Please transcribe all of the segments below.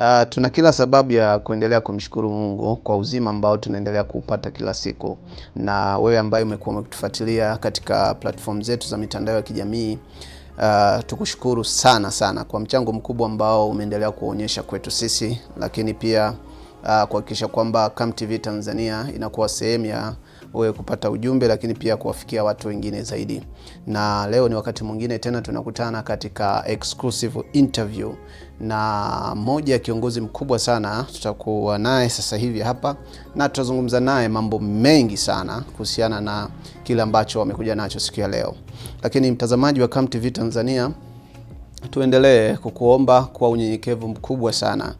Uh, tuna kila sababu ya kuendelea kumshukuru Mungu kwa uzima ambao tunaendelea kuupata kila siku, na wewe ambaye umekuwa umetufuatilia katika platform zetu za mitandao ya kijamii uh, tukushukuru sana sana kwa mchango mkubwa ambao umeendelea kuonyesha kwetu sisi, lakini pia uh, kuhakikisha kwamba Come TV Tanzania inakuwa sehemu ya wewe kupata ujumbe, lakini pia kuwafikia watu wengine zaidi. Na leo ni wakati mwingine tena tunakutana katika exclusive interview na moja ya kiongozi mkubwa sana tutakuwa naye sasa hivi hapa, na tutazungumza naye mambo mengi sana kuhusiana na kile ambacho wamekuja nacho siku ya leo. Lakini mtazamaji wa Come TV Tanzania, tuendelee kukuomba kwa unyenyekevu mkubwa sana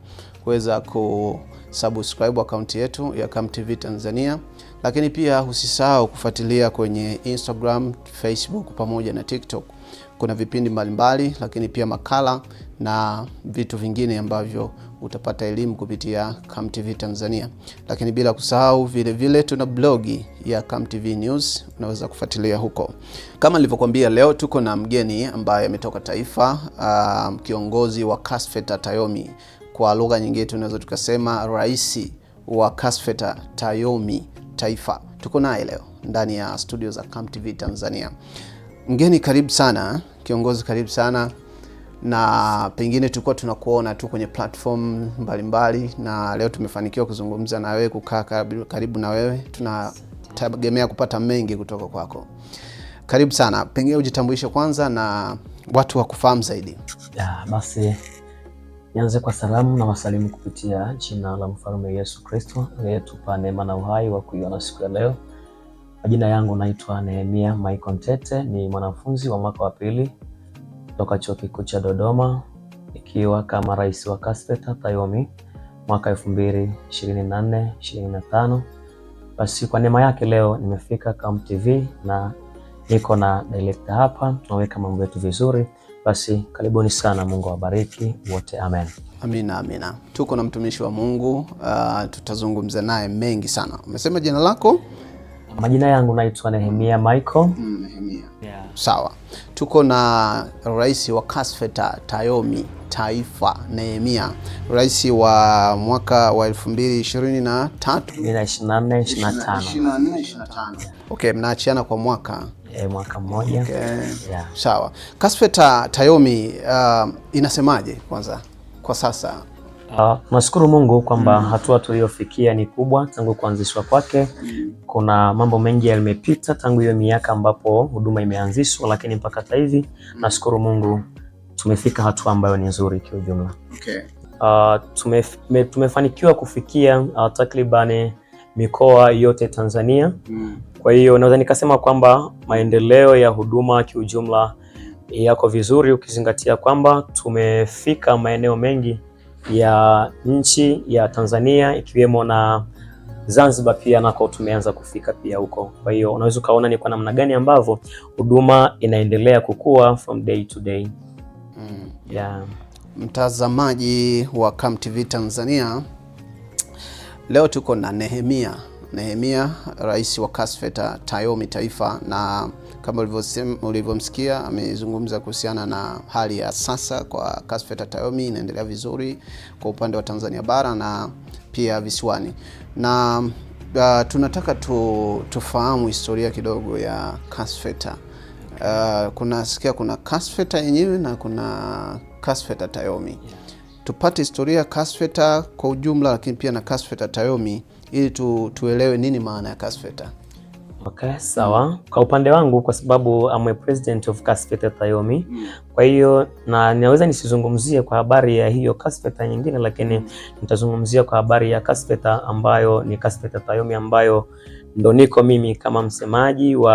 kuweza kusubscribe akaunti yetu ya Come TV Tanzania, lakini pia usisahau kufuatilia kwenye Instagram, Facebook pamoja na TikTok. Kuna vipindi mbalimbali, lakini pia makala na vitu vingine ambavyo utapata elimu kupitia CAMTV Tanzania, lakini bila kusahau vile vile tuna blogi ya CAMTV News, unaweza kufuatilia huko. Kama nilivyokuambia, leo tuko na mgeni ambaye ametoka taifa, uh, kiongozi wa Kasfeta Tayomi, kwa lugha nyingine tunaweza tukasema rais wa Kasfeta Tayomi taifa. Tuko naye leo ndani ya studio za CAMTV Tanzania. Mgeni karibu sana, kiongozi karibu sana na pengine tulikuwa tunakuona tu kwenye platform mbalimbali, na leo tumefanikiwa kuzungumza na wewe, kukaa karibu na wewe. Tunategemea kupata mengi kutoka kwako. Karibu sana, pengine ujitambulishe kwanza na watu wakufahamu zaidi. Ya, basi nianze kwa salamu na wasalimu kupitia jina la mfalme Yesu Kristo aliyetupa neema na uhai wa kuiona siku ya leo. Majina yangu naitwa Nehemia Michael Ntete, ni mwanafunzi wa mwaka wa pili toka chuo kikuu cha Dodoma ikiwa kama rais wa Caspeta Tayomi mwaka 2024 25. Basi kwa neema yake leo nimefika Kam TV na niko na director hapa, tunaweka mambo yetu vizuri. Basi karibuni sana, Mungu awabariki wote, amen. Amina, amina. Tuko na mtumishi wa Mungu uh, tutazungumza naye mengi sana. Umesema jina lako? Majina yangu naitwa Nehemia mm. Michael. Mm, Nehemia. Yeah. Sawa, tuko na rais wa Kasfeta Tayomi Taifa Nehemia, rais wa mwaka wa 2023 2024 2025. Okay, mnaachiana kwa mwaka E, mwaka mmoja. Okay. Yeah. Sawa. Kasfeta Tayomi, uh, inasemaje kwanza kwa sasa Uh, nashukuru Mungu kwamba mm. hatua tuliyofikia ni kubwa tangu kuanzishwa kwake. Kuna mambo mengi yamepita tangu hiyo miaka ambapo huduma imeanzishwa, lakini mpaka sasa hivi mm. nashukuru Mungu tumefika hatua ambayo ni nzuri kiujumla. Okay. Uh, tume, me, tumefanikiwa kufikia uh, takribani mikoa yote Tanzania mm. Kwa hiyo naweza nikasema kwamba maendeleo ya huduma kiujumla yako vizuri, ukizingatia kwamba tumefika maeneo mengi ya nchi ya Tanzania ikiwemo na Zanzibar pia nako tumeanza kufika pia huko. Kwa hiyo unaweza ukaona ni kwa namna gani ambavyo huduma inaendelea kukua from day to day. Mm. Yeah. Mtazamaji wa Come TV Tanzania, leo tuko na Nehemia Nehemia, rais wa Kasfeta Tayomi Taifa na kama ulivyomsikia amezungumza kuhusiana na hali ya sasa kwa Kasfeta Tayomi, inaendelea vizuri kwa upande wa Tanzania bara na pia visiwani, na uh, tunataka tu, tufahamu historia kidogo ya Kasfeta. Uh, sikia kuna Kasfeta yenyewe na kuna Kasfeta Tayomi tupate historia ya Kasfeta kwa ujumla, lakini pia na Kasfeta Tayomi ili tu, tuelewe nini maana ya Kasfeta. Okay, sawa. Kwa upande wangu kwa sababu I'm a president of Kasfeta Tayomi. Kwa hiyo na ninaweza nisizungumzie kwa habari ya hiyo Kasfeta nyingine, lakini nitazungumzia kwa habari ya Kasfeta ambayo ni Kasfeta Tayomi ambayo ndo niko mimi kama msemaji wa,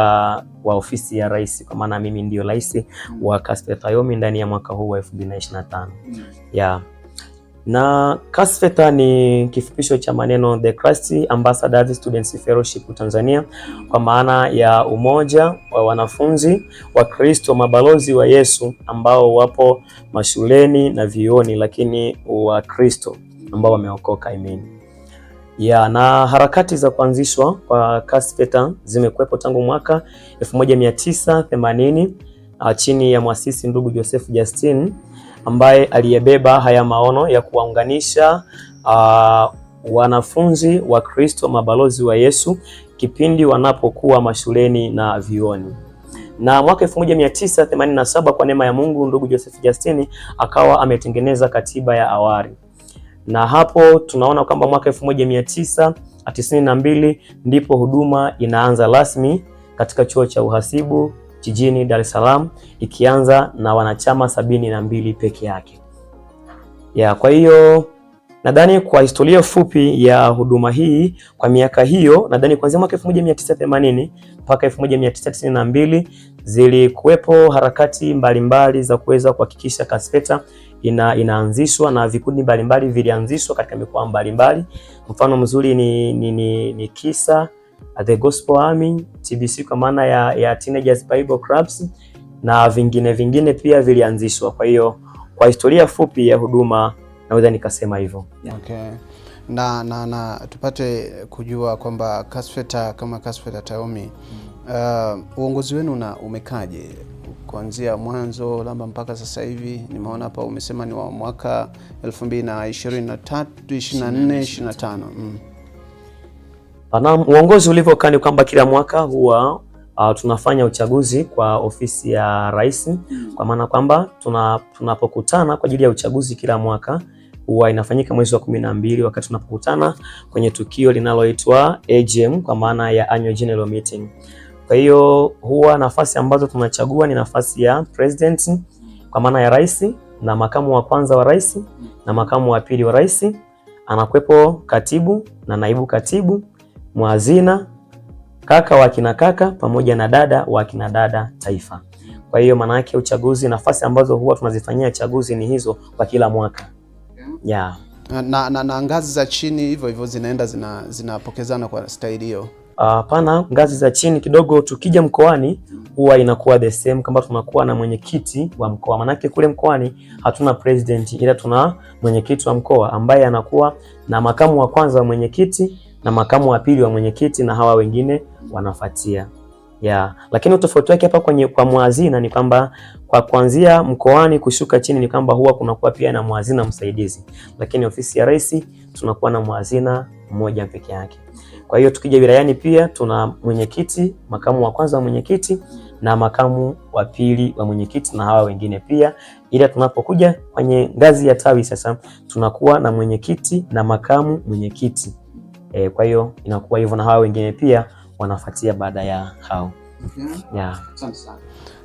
wa ofisi ya rais, kwa maana mimi ndio rais wa Kasfeta Tayomi ndani ya mwaka huu wa 2025. Mm. Yeah na CASFETA ni kifupisho cha maneno The Christ Ambassadors Students Fellowship Tanzania, kwa maana ya umoja wa wanafunzi wa Kristo, mabalozi wa Yesu ambao wapo mashuleni na vioni, lakini wa Kristo ambao wameokoka. Amen. Ya, na harakati za kuanzishwa kwa CASFETA zimekuwepo tangu mwaka 1980 ah, chini ya mwasisi ndugu Joseph Justin ambaye aliyebeba haya maono ya kuwaunganisha uh, wanafunzi wa Kristo, mabalozi wa Yesu kipindi wanapokuwa mashuleni na vioni na mwaka 1987 kwa neema ya Mungu, ndugu Joseph Justini akawa ametengeneza katiba ya awali, na hapo tunaona kwamba mwaka 1992 ndipo huduma inaanza rasmi katika chuo cha uhasibu jijini Dar es Salaam ikianza na wanachama sabini na mbili peke yake. Ya, kwa hiyo nadhani kwa historia fupi ya huduma hii kwa miaka hiyo, nadhani kuanzia mwaka 1980 mpaka 1992 zilikuwepo harakati mbalimbali mbali za kuweza kuhakikisha Kaspeta ina, inaanzishwa na vikundi mbalimbali vilianzishwa katika mikoa mbalimbali. Mfano mzuri ni, ni, ni, ni KISA The Gospel Army, TBC kwa maana ya, ya Teenagers Bible Clubs na vingine vingine pia vilianzishwa. Kwa hiyo kwa historia fupi ya huduma naweza nikasema hivyo yeah. Okay. Na, na, na tupate kujua kwamba Kasfeta kama Kasfeta Taomi mm. uh, uongozi wenu na umekaje kuanzia mwanzo labda mpaka sasa hivi? Nimeona hapa umesema ni wa mwaka 2023 24 25 mm. Ah, na uongozi ulivyokaa ni kwamba kila mwaka huwa uh, tunafanya uchaguzi kwa ofisi ya rais mm. Kwa maana kwamba tuna, tunapokutana kwa ajili ya uchaguzi kila mwaka huwa inafanyika mwezi wa kumi na mbili wakati tunapokutana kwenye tukio linaloitwa AGM kwa maana ya annual general meeting. Kwa hiyo huwa nafasi ambazo tunachagua ni nafasi ya president kwa maana ya rais na makamu wa kwanza wa rais na makamu wa pili wa rais, anakuwepo katibu na naibu katibu mwazina, kaka wa kina kaka, pamoja na dada wa kina dada taifa. Kwa hiyo maana yake uchaguzi, nafasi ambazo huwa tunazifanyia chaguzi ni hizo kwa kila mwaka mm-hmm. yeah. Na, na, na ngazi za chini hivyo hivyo zinaenda zinapokezana zina kwa staili hiyo. Hapana, uh, ngazi za chini kidogo, tukija mkoani huwa inakuwa the same, kama tunakuwa na mwenyekiti wa mkoa. Manake kule mkoani hatuna president, ila tuna mwenyekiti wa mkoa ambaye anakuwa na makamu wa kwanza wa mwenyekiti na makamu wa pili wa mwenyekiti na hawa wengine wanafuatia. Yeah. Lakini utofauti wake hapa kwenye kwa mwazina ni kwamba kwa kuanzia mkoani kushuka chini ni kwamba huwa kunakuwa pia na mwazina msaidizi, lakini ofisi ya rais tunakuwa na mwazina mmoja peke yake. Kwa hiyo tukija wilayani pia tuna mwenyekiti, makamu wa kwanza wa mwenyekiti na makamu wa pili wa mwenyekiti na hawa wengine pia, ila tunapokuja kwenye ngazi ya tawi sasa tunakuwa na mwenyekiti na makamu mwenyekiti E, kwa hiyo inakuwa hivyo na hao wengine pia wanafuatia baada ya hao. Okay. Mhm. Yeah.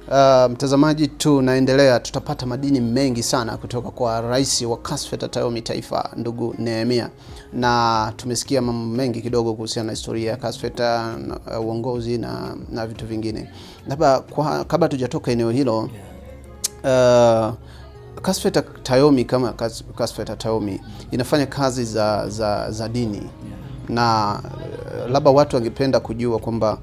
Uh, mtazamaji, tunaendelea, tutapata madini mengi sana kutoka kwa rais wa kasfeta TAYOMI Taifa, ndugu Nehemia, na tumesikia mambo mengi kidogo kuhusiana na historia ya CASFETA, uh, uongozi na, na vitu vingine. Labda kabla tujatoka eneo hilo uh, Kasfeta TAYOMI kama Kasfeta TAYOMI inafanya kazi za, za, za dini na eh, labda watu wangependa kujua kwamba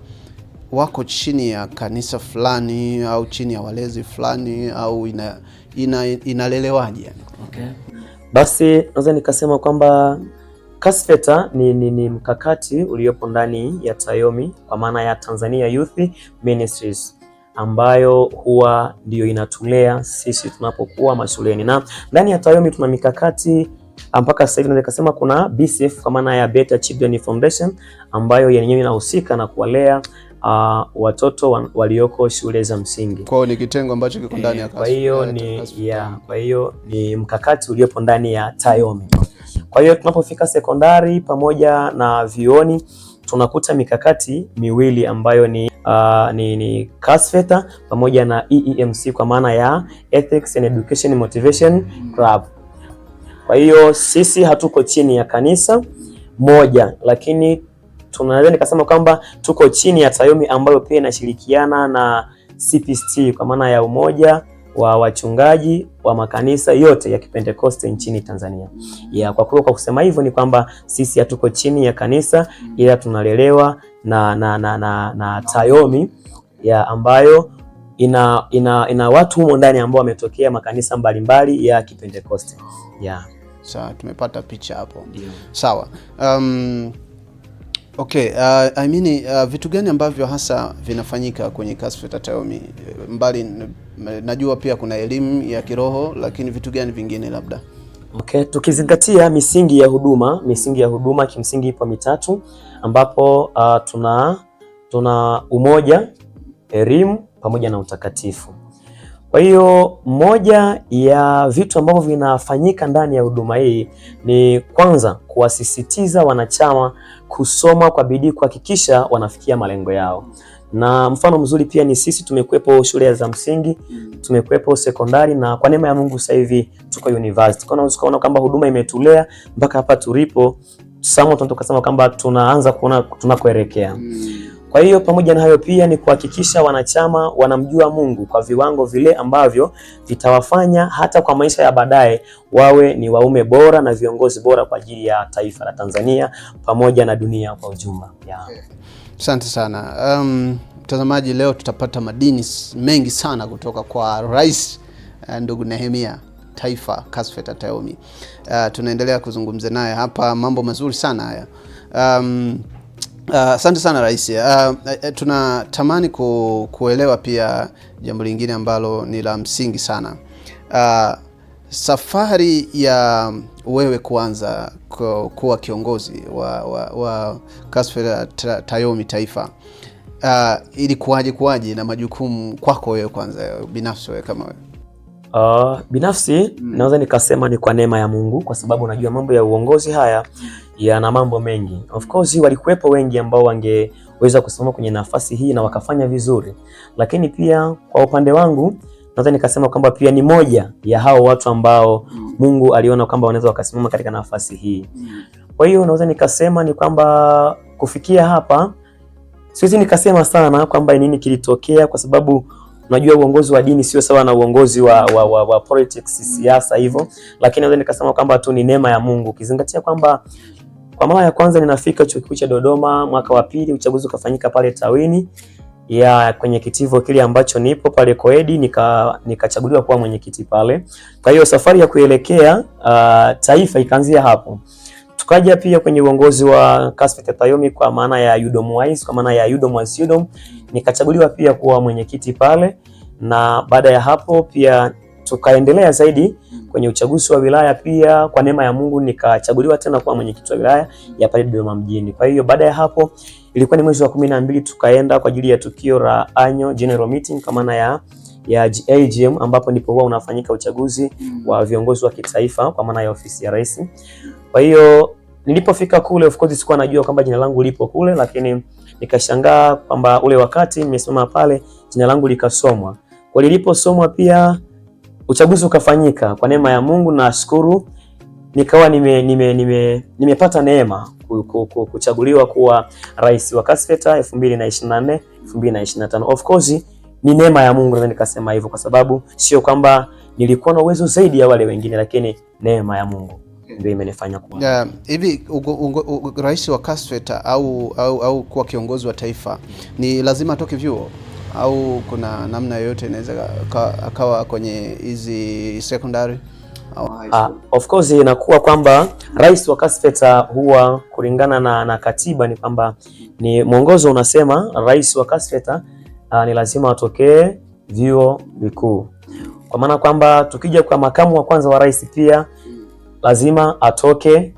wako chini ya kanisa fulani au chini ya walezi fulani au ina, ina, inalelewaje yani? Okay. Basi naweza nikasema kwamba Kasfeta ni, ni, ni mkakati uliopo ndani ya Tayomi kwa maana ya Tanzania Youth Ministries ambayo huwa ndiyo inatulea sisi tunapokuwa mashuleni, na ndani ya Tayomi tuna mikakati mpaka sasa hivi naweza kusema kuna BCF kwa maana ya Better Children Foundation ambayo yenyewe inahusika na kuwalea Uh, watoto walioko shule za msingi. Kwa hiyo ni kitengo ambacho kiko ndani ya eh, kwa hiyo ni ya kwa hiyo ni mkakati uliopo ndani ya Tayomi. Kwa hiyo tunapofika sekondari pamoja na vioni tunakuta mikakati miwili ambayo ni uh, ni, ni CASFETA pamoja na EEMC kwa maana ya Ethics and Education Motivation Club. Mm -hmm. Kwa hiyo sisi hatuko chini ya kanisa moja, lakini tunaweza nikasema kwamba tuko chini ya Tayumi ambayo pia inashirikiana na CPST kwa maana ya umoja wa wachungaji wa makanisa yote ya Kipentekoste nchini Tanzania. Ya, kwa kwa kusema hivyo ni kwamba sisi hatuko chini ya kanisa ila tunalelewa na, na, na, na, na Tayomi ya ambayo ina, ina, ina watu humo ndani ambao wametokea makanisa mbalimbali ya Kipentekoste. Ya. Sa, tumepata picha hapo yeah. Sawa um, okay, uh, I mean, uh, vitu gani ambavyo hasa vinafanyika kwenye Casa mbali, najua pia kuna elimu ya kiroho lakini vitu gani vingine labda? Okay, tukizingatia misingi ya huduma, misingi ya huduma kimsingi ipo mitatu ambapo uh, tuna tuna umoja, elimu pamoja na utakatifu. Kwa hiyo moja ya vitu ambavyo vinafanyika ndani ya huduma hii ni kwanza kuwasisitiza wanachama kusoma kwa bidii kuhakikisha wanafikia malengo yao, na mfano mzuri pia ni sisi tumekuwepo shule za msingi, tumekuwepo sekondari, na kwa neema ya Mungu sasa hivi tuko university. Kwa hiyo unaona kwamba huduma imetulea mpaka hapa tulipo, sasa tunataka kusema kwamba tunaanza kuona tunakoelekea. Hmm. Kwa hiyo pamoja na hayo pia ni kuhakikisha wanachama wanamjua Mungu kwa viwango vile ambavyo vitawafanya hata kwa maisha ya baadaye wawe ni waume bora na viongozi bora kwa ajili ya taifa la Tanzania pamoja na dunia kwa ujumla. Asante sana um, mtazamaji. Um, leo tutapata madini mengi sana kutoka kwa Rais eh, ndugu Nehemia Taifa Kasfeta Atayomi. Uh, tunaendelea kuzungumza naye hapa, mambo mazuri sana haya um, Ah, asante uh, sana Rais. Uh, tunatamani ku, kuelewa pia jambo lingine ambalo ni la msingi sana. Uh, safari ya wewe kuanza kuwa kiongozi wa, wa, wa Kasfera Tayomi Taifa uh, ilikuwaje kuwaje na majukumu kwako wewe kwanza binafsi wewe kama wewe? Uh, binafsi mm. naweza nikasema ni kwa neema ya Mungu kwa sababu unajua mambo ya uongozi haya yana mambo mengi. Of course walikuwepo wengi ambao wangeweza kusimama kwenye nafasi hii na wakafanya vizuri, lakini pia kwa upande wangu naweza nikasema kwamba pia ni moja ya hao watu ambao mm. Mungu aliona kwamba wanaweza wakasimama katika nafasi hii. Mm. Kwa hiyo naweza nikasema ni kwamba kufikia hapa siwezi nikasema sana kwamba nini kilitokea kwa sababu Unajua uongozi wa dini sio sawa na uongozi wa, wa, wa, wa politics, siasa hivyo, lakini naweza nikasema kwamba tu ni neema ya Mungu ukizingatia kwamba kwa mara ya kwanza ninafika chuo kikuu cha Dodoma mwaka wa pili, uchaguzi ukafanyika pale Tawini ya kwenye kitivo kile ambacho nipo pale Koedi, nikachaguliwa nika kuwa mwenyekiti pale. Kwa hiyo safari ya kuelekea uh, taifa ikaanzia hapo. Tukaja pia kwenye uongozi wa Kassim Tatayomi kwa maana ya UDOM wise, kwa maana ya UDOM wise UDOM, nikachaguliwa pia kuwa mwenyekiti pale, na baada ya hapo pia tukaendelea zaidi kwenye uchaguzi wa wilaya pia kwa neema ya Mungu nikachaguliwa tena kuwa mwenyekiti wa wilaya ya pale Dodoma mjini. Kwa hiyo baada ya hapo ilikuwa ni mwezi wa kumi na mbili tukaenda kwa ajili ya tukio la anyo general meeting kwa maana ya ya AGM ambapo ndipo huwa unafanyika uchaguzi wa viongozi wa kitaifa kwa maana ya ofisi ya rais. Kwa hiyo nilipofika kule, of course sikuwa najua kwamba jina langu lipo kule, lakini nikashangaa kwamba ule wakati nimesimama pale jina langu likasomwa. Kwa liliposomwa pia uchaguzi ukafanyika kwa neema ya Mungu, na shukuru nikawa nime, nime, nime, nime neema kuchaguliwa kuwa rais wa Kasfeta 2024 2025. Of course ni neema ya Mungu, na nikasema hivyo kwa sababu sio kwamba nilikuwa na uwezo zaidi ya wale wengine, lakini neema ya Mungu ndio imenifanya kuwa hivi. rais wa Kasweta au, au, au kuwa kiongozi wa taifa ni lazima atoke vyuo au kuna namna yoyote inaweza akawa kwenye hizi secondary au high ah, school? Uh, of course inakuwa kwamba rais wa Kasfeta huwa kulingana na, na katiba ni kwamba ni mwongozo unasema rais wa Kasfeta uh, ah, ni lazima atokee vyuo vikuu, kwa maana kwamba tukija kwa makamu wa kwanza wa rais pia lazima atoke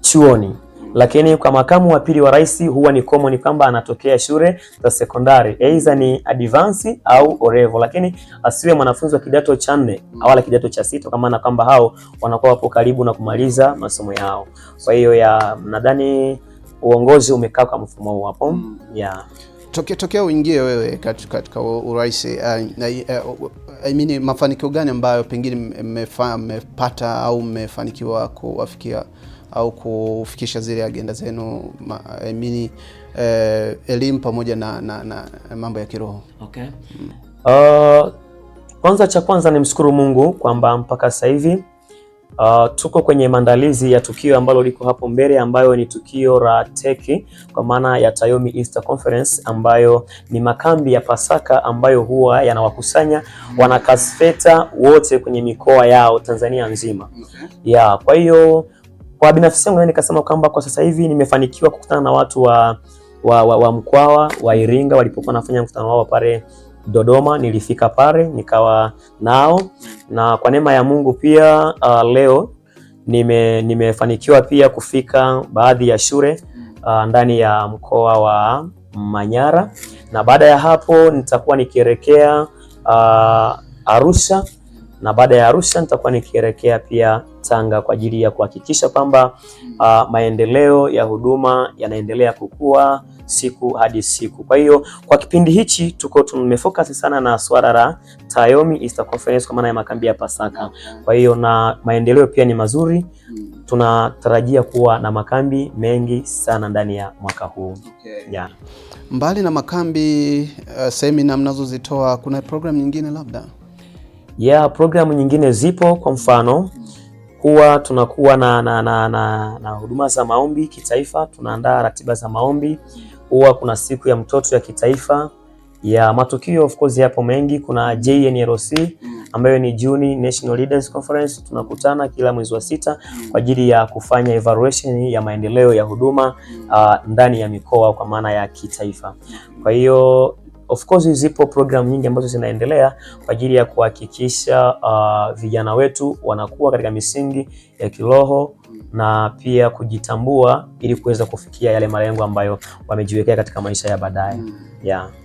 chuoni, lakini kwa makamu wa pili wa rais huwa ni common kwamba anatokea shule za sekondari, aidha ni advance au orevo, lakini asiwe mwanafunzi wa kidato cha nne wala kidato cha sita, kwa maana kwamba hao wanakuwa wapo karibu na kumaliza masomo yao. Kwa hiyo ya nadhani uongozi umekaa kwa mfumo huo hapo, mm. yeah tokea tokea uingie wewe katika urais, eh, eh, I mean mafanikio gani ambayo pengine mmepata au mmefanikiwa kuwafikia au kufikisha zile agenda zenu, I mean uh, elimu pamoja na, na, na mambo ya kiroho? Okay. Mm. Uh, kwanza cha kwanza ni mshukuru Mungu kwamba mpaka sasa hivi Uh, tuko kwenye maandalizi ya tukio ambalo liko hapo mbele ambayo ni tukio la teki kwa maana ya Tayomi Easter Conference ambayo ni makambi ya Pasaka ambayo huwa yanawakusanya wanakasfeta wote kwenye mikoa yao Tanzania nzima. Okay. Yeah, kwa hiyo kwa binafsi yangu nikasema kwamba kwa sasa hivi nimefanikiwa kukutana na watu wa, wa, wa, wa Mkwawa wa Iringa walipokuwa wanafanya mkutano wao pale Dodoma nilifika pale nikawa nao, na kwa neema ya Mungu pia uh, leo nime, nimefanikiwa pia kufika baadhi ya shule uh, ndani ya mkoa wa Manyara, na baada ya hapo nitakuwa nikielekea uh, Arusha na baada ya Arusha nitakuwa nikielekea pia Tanga kwa ajili ya kuhakikisha kwamba uh, maendeleo ya huduma yanaendelea kukua siku hadi siku. Kwa hiyo kwa kipindi hichi tuko tumefocus sana na swala la Tayomi Easter Conference kwa maana ya makambi ya Pasaka. Kwa hiyo na maendeleo pia ni mazuri, mm. tunatarajia kuwa na makambi mengi sana ndani ya mwaka huu okay. yeah. Mbali na makambi uh, eh, semina mnazozitoa kuna program nyingine labda ya yeah, programu nyingine zipo. Kwa mfano huwa tunakuwa na, na, na, na, na huduma za maombi kitaifa, tunaandaa ratiba za maombi. Huwa kuna siku ya mtoto ya kitaifa ya yeah, matukio of course yapo mengi. Kuna JNLC ambayo ni Juni National Leaders Conference, tunakutana kila mwezi wa sita kwa ajili ya kufanya evaluation ya maendeleo ya huduma uh, ndani ya mikoa kwa maana ya kitaifa. Kwa hiyo Of course zipo programu nyingi ambazo zinaendelea kwa ajili ya kuhakikisha uh, vijana wetu wanakuwa katika misingi ya kiroho na pia kujitambua ili kuweza kufikia yale malengo ambayo wamejiwekea katika maisha ya baadaye. Mm. Yeah.